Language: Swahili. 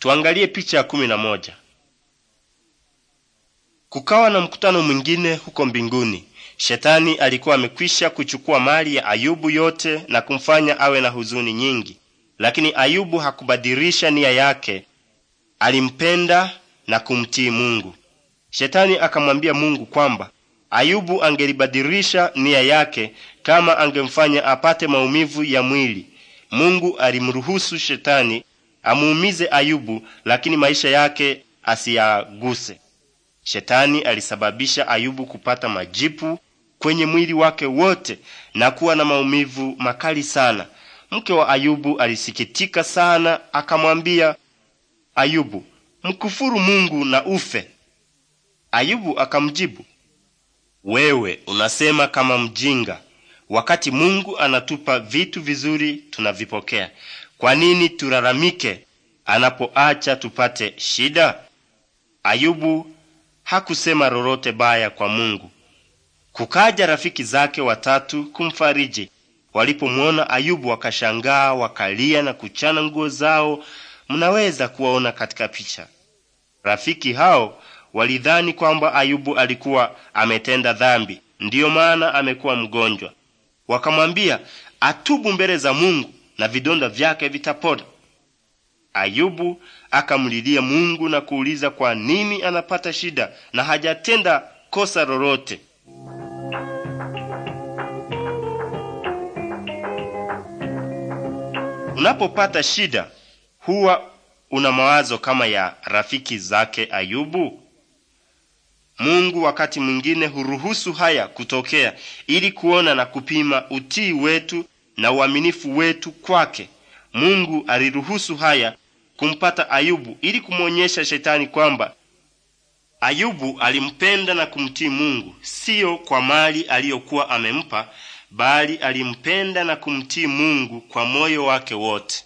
Tuangalie picha ya kumi na moja. Kukawa na mkutano mwingine huko mbinguni. Shetani alikuwa amekwisha kuchukua mali ya Ayubu yote na kumfanya awe na huzuni nyingi, lakini Ayubu hakubadilisha nia yake, alimpenda na kumtii Mungu. Shetani akamwambia Mungu kwamba Ayubu angelibadilisha nia yake kama angemfanya apate maumivu ya mwili. Mungu alimruhusu Shetani amuumize Ayubu, lakini maisha yake asiyaguse. Shetani alisababisha Ayubu kupata majipu kwenye mwili wake wote na kuwa na maumivu makali sana. Mke wa Ayubu alisikitika sana, akamwambia Ayubu, mkufuru Mungu na ufe. Ayubu akamjibu, wewe unasema kama mjinga. Wakati Mungu anatupa vitu vizuri tunavipokea, kwa nini tulalamike anapoacha tupate shida? Ayubu hakusema lolote baya kwa Mungu. Kukaja rafiki zake watatu kumfariji. Walipomwona Ayubu wakashangaa, wakalia na kuchana nguo zao. Mnaweza kuwaona katika picha. Rafiki hao walidhani kwamba Ayubu alikuwa ametenda dhambi, ndiyo maana amekuwa mgonjwa. Wakamwambia atubu mbele za Mungu na vidonda vyake vitapona. Ayubu akamlilia Mungu na kuuliza kwa nini anapata shida na hajatenda kosa lolote. Unapopata shida, huwa una mawazo kama ya rafiki zake Ayubu? Mungu wakati mwingine huruhusu haya kutokea ili kuona na kupima utii wetu na uaminifu wetu kwake. Mungu aliruhusu haya kumpata Ayubu ili kumwonyesha Shetani kwamba Ayubu alimpenda na kumtii Mungu, siyo kwa mali aliyokuwa amempa, bali alimpenda na kumtii Mungu kwa moyo wake wote.